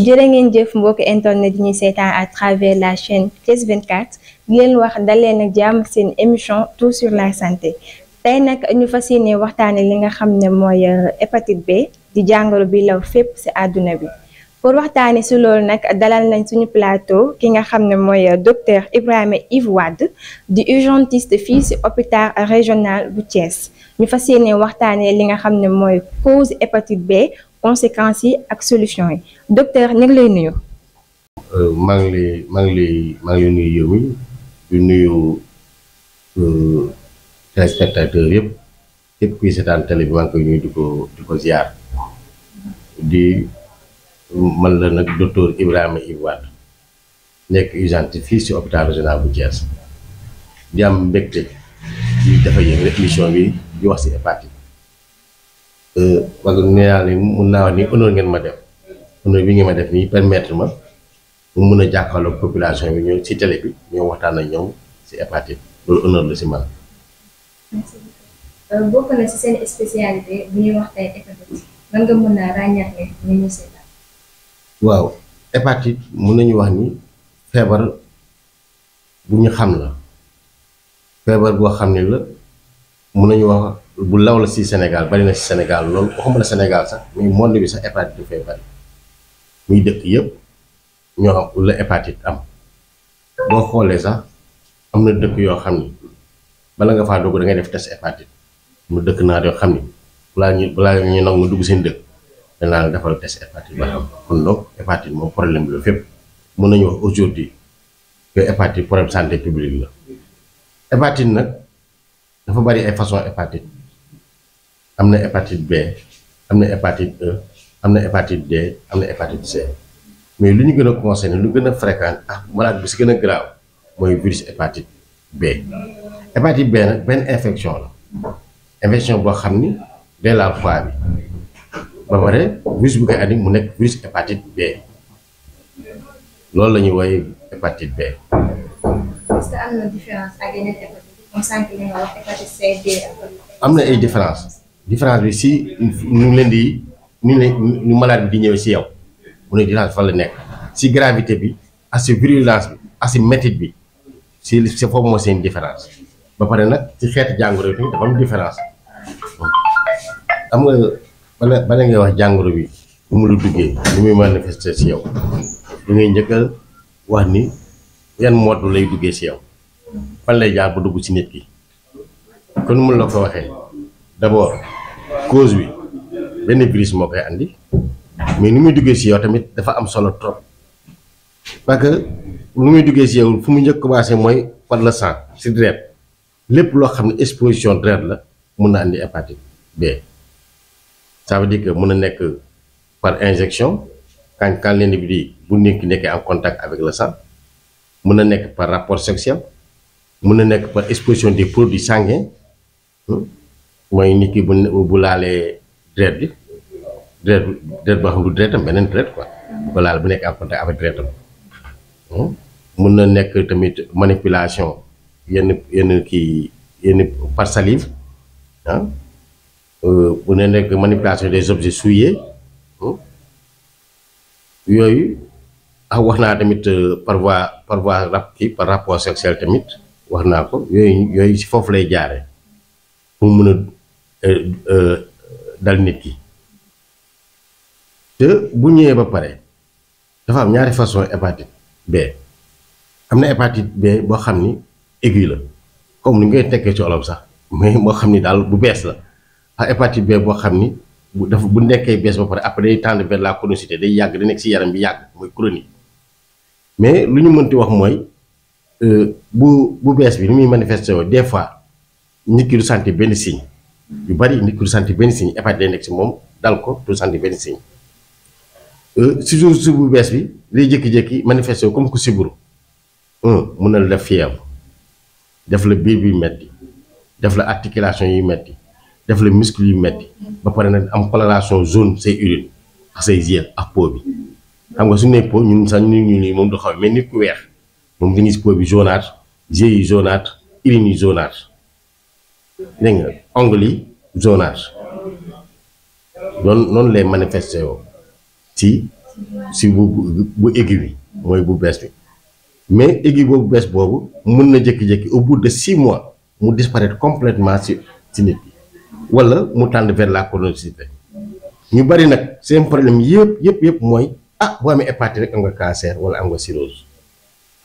jërë ngeen jëf mbokk internet yi ñuy seetaan à travers la chaîne Thiès 24 di leen wax daleen nag jàmm seen émission tout sur la santé tey nag ñu fas yéene waxtaane li nga xam ne mooy euh, hépatite B di jàngoro bi law fépp ci àdduna bi pour waxtaanee si loolu nag dalal nañ suñu plateau ki nga xam ne mooy euh, docteur Ibrahima Yves di urgentiste fii ci hôpital régional bu Thiès ñu fas yéene waxtaane li nga xam ne mooy cause hépatite B conséquences yi ak solution yi docteur ñu ngi lay nuyu. Euh, maa ngi lay maa ngi lay maa ngi lay nuyu yow mi nuyu euh, téléspectateur yëpp képp kuy seetaan télé bi maa ngi koy nuyu di ko di ko ziar nag docteur Ibrahima Iwade nekk urgente fii si hôpital régional bu Thiès di am mbégte di dafa yëngu émission bi di wax si hépatite. parce que nee ni honneur ngeen ma def honneur bi ngeen ma def nii ma mu mun a jàkkaarloog population bi ñëw si télé waxtaan ak ñoom si hépatite loolu honneur la si man. Euh, waaw hépatite mun nañu wax ni feebar bu ñu xam la feebar boo xam ne la mun nañu wax. bu law la si Sénégal bari na si Sénégal loolu waxuma la Sénégal sax muy monde bi sax hépatite dafay bari muy dëkk yëpp ñoo xam la hépatite am boo xoolee sax am na dëkk yoo xam ni bala nga faa dugg da def test hépatite mu dëkk naa yoo xam ni balaa ñu balaa ñu nangu dugg seen dëkk danaa la defal test hépatite ba xam kon donc hépatite moom problème bi la fépp mën nañu wax aujourd'hui que hépatite problème santé publique la hépatite nag dafa bari ay façon am na hépatite B am na hépatite E am na hépatite D am na hépatite C mais lu ñu gën a concerné lu gën a fréquent ah malade bi si gën a grave mooy virus hépatite B hépatite B nag benn infection la infection boo xam ni dès la fois bi ba pare virus bi koy andi mu nekk virus hépatite B loolu la ñuy woowee hépatite na différence différence bi si ñu leen di ñu leen ñu malade bi di ñëwee si yow mu ne différence fan la nekk si gravité bi ak si virulence bi ak si méthode bi si foofu moo seen différence ba pare nag ci xeetu jàngoro bi dafa am différence xam nga bala bala ngay wax jàngoro bi bu mu la duggee lu muy manifester si yow du ngay njëkk wax ni yan motu lay duggee si yow fan lay jaar ba dugg si nit ki kon mun la ko waxee d'abord cause bi benn virus moo koy indi mais ni muy duggee si yow tamit dafa am solo trop parce que nu muy duggee si yow fu mu njëkk commencé mooy par le sang si deret lépp loo xam ne exposition deret la mun na andi hépatite B. ça veut dire mun na nekk par injection quand bi l'individu bu nekk nekkee en contact avec le sang mun na nekk par rapport sexuel mun na nekk par exposition des produits sanguins. Hmm? mooy nit ki bu bu laalee deret bi deret deret boo xam du deretam beneen deret quoi bu ko laal bu nekk en contact avec deretam hmm? mun na nekk tamit manipulation yenn yenn kii yenn par salive bu ah? euh, ne nekk manipulation des objets souillés hmm? yooyu ah wax naa tamit euh, par voie par voie par rapport sexuel tamit wax naa ko yooyu yooyu si foofu lay jaare pour mun a Euh, euh, dal nit ki te bu ñëwee ba pare dafa am ñaari façon hépatite B am na hépatite B boo xam ni aiguë la comme ni ngay tekkee ci olof sax mais moo xam ni daal bu bees la ak hépatite B boo xam ni bu dafa bu nekkee bees ba pare après day tendre vers la chronicité day yàgg da nekk ci yaram bi yàgg mooy chronique mais lu ñu mënti wax mooy euh, bu bu bees bi ni muy manifesté woo des fois nit ki du sentir benn signe. yu bari nit ku sant benn signe hépatite lay nekk si moom dal ko du sant benn euh, si jour su bu bees bi lay jékki-jékki comme ku siburu mun na la def fièvre def la biir bi metti def la articulation yu metti def la muscle yu ba pare nag am coloration jaune say urine ak say yeux ak xam nga su ne peau sax ñu moom du xaw mais nit ku weex moom nga gis peau bi jaunâtre yeux yi yi jaunâtre dégg nga ongle yi zonage noonu noonu lay manifesté woo ci si bu bu aigu bi mooy bu bees bi mais aigu boobu bees boobu mën na jékki-jékki au bout de six mois mu disparaître completement si nit bi wala mu tànd vers la chronicité ñu bari nag seen problème yëpp yëpp yëpp mooy ah boo amee hépatite rek am nga cancer wala am nga cirrhose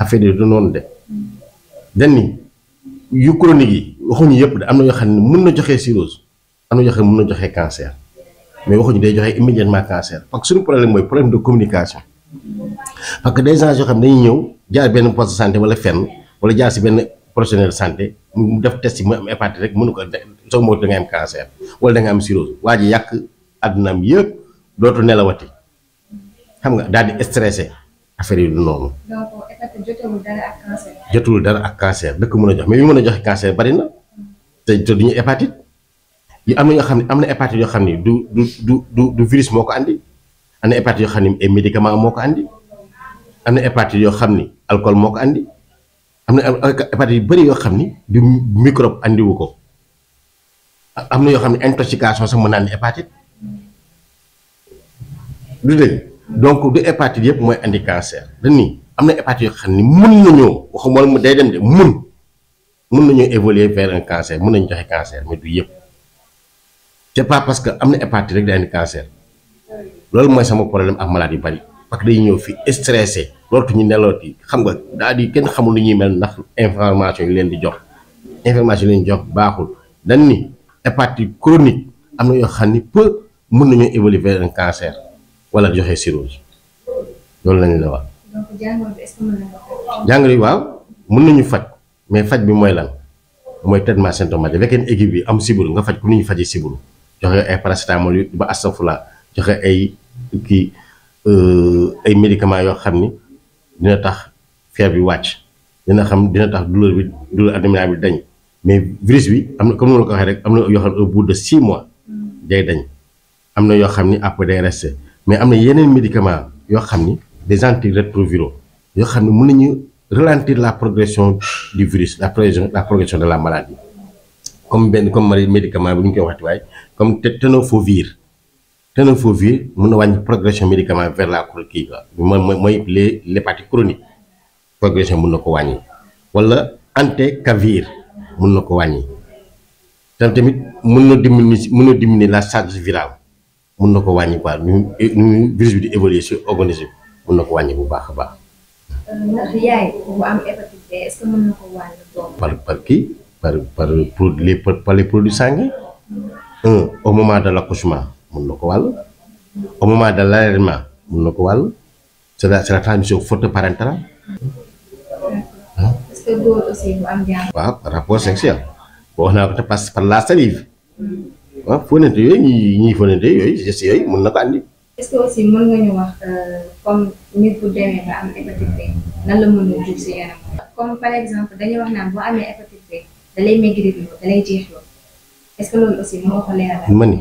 affaire yi du noonu de dañ yu chronique yi. waxuñu yëpp de am na yoo xam ne mun na joxe cirrhose am na yoo xam ne joxe cancer mais waxuñu day joxe immédiatement cancer parce que suñu problème mooy problème de communication parce que des gens yoo xam ne dañuy ñëw jaar benn poste de santé wala fenn wala jaar si benn professionnel de santé mu def test yi mu am hépatite rek mënu ko soo moytu da nga am cancer wala da nga am cirrhose waa ji yàq àddunaam yëpp dootu nelawati xam nga daal di stressé. affaire yi du noonu. donc dara ak cancer. dëkk mën a jox mais yu mën a joxe cancer bari na te te du ñu hépatite am na nga xam ne am na hépatite yoo xam ne du du du du virus moo ko andi am na hépatite yoo xam ni ay médicament moo ko andi am na hépatite yoo xam ni alcool moo andi am na hépatite yu bari yoo xam ni du microbe andiwu ko am na yoo xam ne intoxication sax mën naa andi hépatite donc du hépatite yëpp mooy andi cancer dañ ni am na hépatite yoo xam ni mun nañoo waxumala mu day dem de mun mun nañoo évoluer vers un cancer mun nañu joxe cancer mais du yëpp te pas parce que am na hépatite rek day andi cancer loolu mooy sama problème ak malade yu bari parce que day ñëw fi stressé nelaw nelooti xam nga daal di kenn xamul lu ñuy mel ndax information yi leen di jox information yi leen di jox baaxul dañ ni hépatite chronique am na yoo xam ni peu mun nañoo évoluer vers un cancer. wala joxe cirrhose loolu la ñu la wax. donc mën nañu yi waaw mën nañu faj mais faj bi mooy lan mooy traitement symptomatique bu fekkee équipe bi am sibiru nga faj ku ni ñu fajee sibiru joxe ay paracétamol ba astafurla joxe ay kii euh, ay médicaments yoo xam ni dina tax feer bi wàcc dina xam dina tax douleur bi douleur abdominale bi dañ mais virus bi am na comme ni ma la ko am na yoo xam ne de six mois mm. day dañ am na yoo xam ni après day resté. mais am na yeneen médicament yoo xam ni des antirétroviraux yoo xam ne mën nañu ralentir la progression du virus la progression la progression de la maladie comme benn comme médicament bi ñu koy waxati waaye comme tenofovir tenofovir mën na wàññi progression médicament vers la kii quoi mooy mooy les l'hépatite chronique progression mun na ko wàññi wala entecavir mun na ko wàññi te tamit mën na diminuer mën na diminuer la charge virale. mun na ko wàññi quoi ñu ñu virus di évoluer sur organisme mun na ko wàññi bu baax a baax. ndax yaay par par kii par par les par les produits sanguins un au de l'accouchement mun na ko wàll au a de l'allaitement mun na ko wàll c'est la c'est la transmission faute parentale. est que waaw rapport sexuel boo wax naa ko te passe par la salive. Hmm. waaw fóonante yooyu ñuy ñuy fóonante yooyu gestes na ko andi. est-ce que aussi mën nga ñu wax euh, comme nit bu demee nga am hépatite B wax naan boo amee hépatite B da lay maigrir loo jeex loo est-ce que loolu aussi moo ko leeralal. ma ni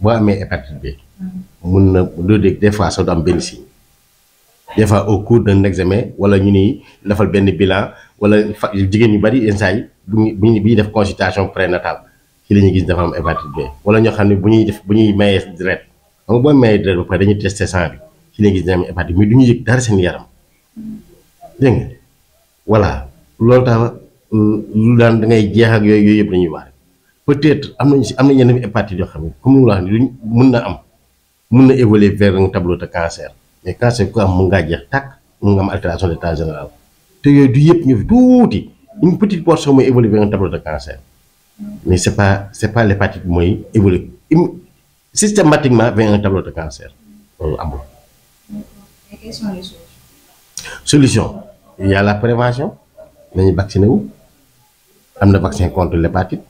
boo amee hépatite mm-hmm. mun na loo soo du am benn signe. des fois au cours d'un examen ñu ni defal benn bilan wala jigéen ñu bari yenn saa yi bu ñu bu ñu def consultation prénatale. ci la ñuy gis dafa am hépatite B wala ñoo xam ne bu ñuy def bu ñuy mayee deret xam nga booy mayee deret ba pare dañuy testé sang bi ci la gis dina am hépatite mais du ñu yëg dara seen yaram dégg nga voilà loolu tax lu daan da ngay jeex ak yooyu yooyu yëpp dañuy wax peut-être am nañu si am na yenn hépatite yoo xam ne comme mu la wax ni duñ mun na am mun na évoluer vers un tableau de cancer mais cancer ku am mun ngaa jeex tàkk mun nga am altération d'état général te yooyu du yëpp ñu tuuti une petite portion mooy évoluer vers de cancer. mais c'est pas c'est pas l'hépatite mooy évoluer systématiquement vers un tableau de cancer loolu amul. y a la prévention nañu vacciné wu am na vaccin contre l'hépatite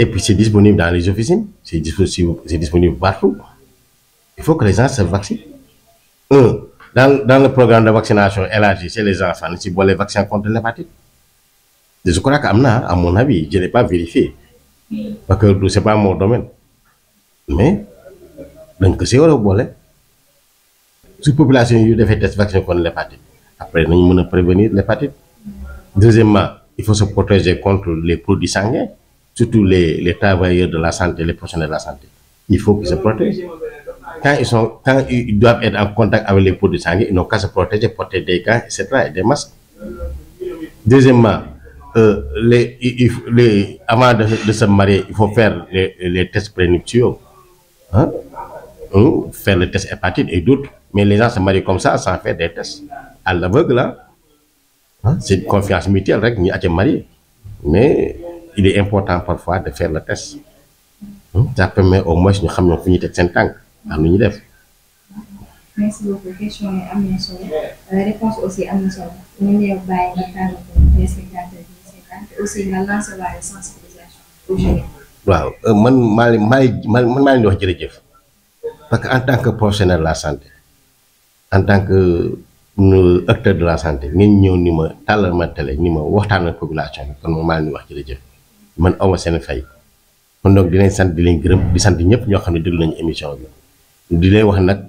et puis c'est disponible dans les officines c'est disponible c'est disponible partout il faut que les gens se vaccinent un dans dans le programme de vaccination élargi chez les enfants ni si boole vaccin contre l'hépatite je crois qu'am naa à mon avis je n'ai pas vérifié parce que c'est pas mon domaine mais dañ ko si war a boole su population yu defee test vaccin contre l'hépatite après nañ mën a prévenir l'hépatite deuxièmement il faut se protéger contre les produits sanguins surtout les les travailleurs de la santé les professionnels de la santé il faut qu'ils se protègent quand ils sont quand ils doivent être en contact avec les produits sanguins ils n'ont qu'à se protéger porter et cetera des masques euh, les, les, les, avant de, de, se marier, il faut faire les, les tests prénuptiaux. Hein? Mmh, faire le test hépatite et d'autres. Mais les gens se marient comme ça sans faire des tests. À l'aveugle, hein? c'est une confiance mutuelle, avec ni à te Mais il est important parfois de faire le test. Mmh? Ça permet au moins ñu xam ñoo fu ñuy teg seen tànk ak lu ñuy def. am na ñu ngi waaw euh, man maa leen maa man maa leen di wax jërëjëf parce que en tant que professionnel de la santé en tant que euh, acteur de la santé ngeen ñëw ni ma tàllal ma tele ni ma waxtaan ak population bi kon maa leen di wax jërëjëf man aw ma seen fay. kon donc dinañ sant di leen gërëm di sant ñëpp ñoo xam ne déglu nañu émission bi di leen wax nag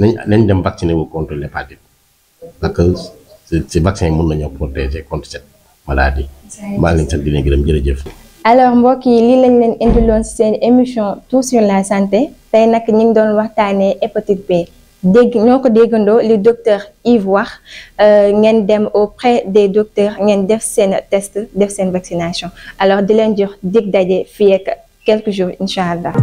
nañ nañ dem vacciner wu contre l'hépatite parce que euh, ci vaccin yi mën nañoo protéger contre maladie maa ngi leen di sant di leen gërëm jërëjëf. alors mbokk yi lii lañ leen indiloon seen émission tout sur la santé tey nag ñu ngi doon waxtaanee hépatite bi dégg ñoo ko déggandoo li docteur Yves wax euh, ngeen dem auprès des docteurs ngeen def seen test def seen vaccination alors di leen jox dig daje fii ak quelques jours allah.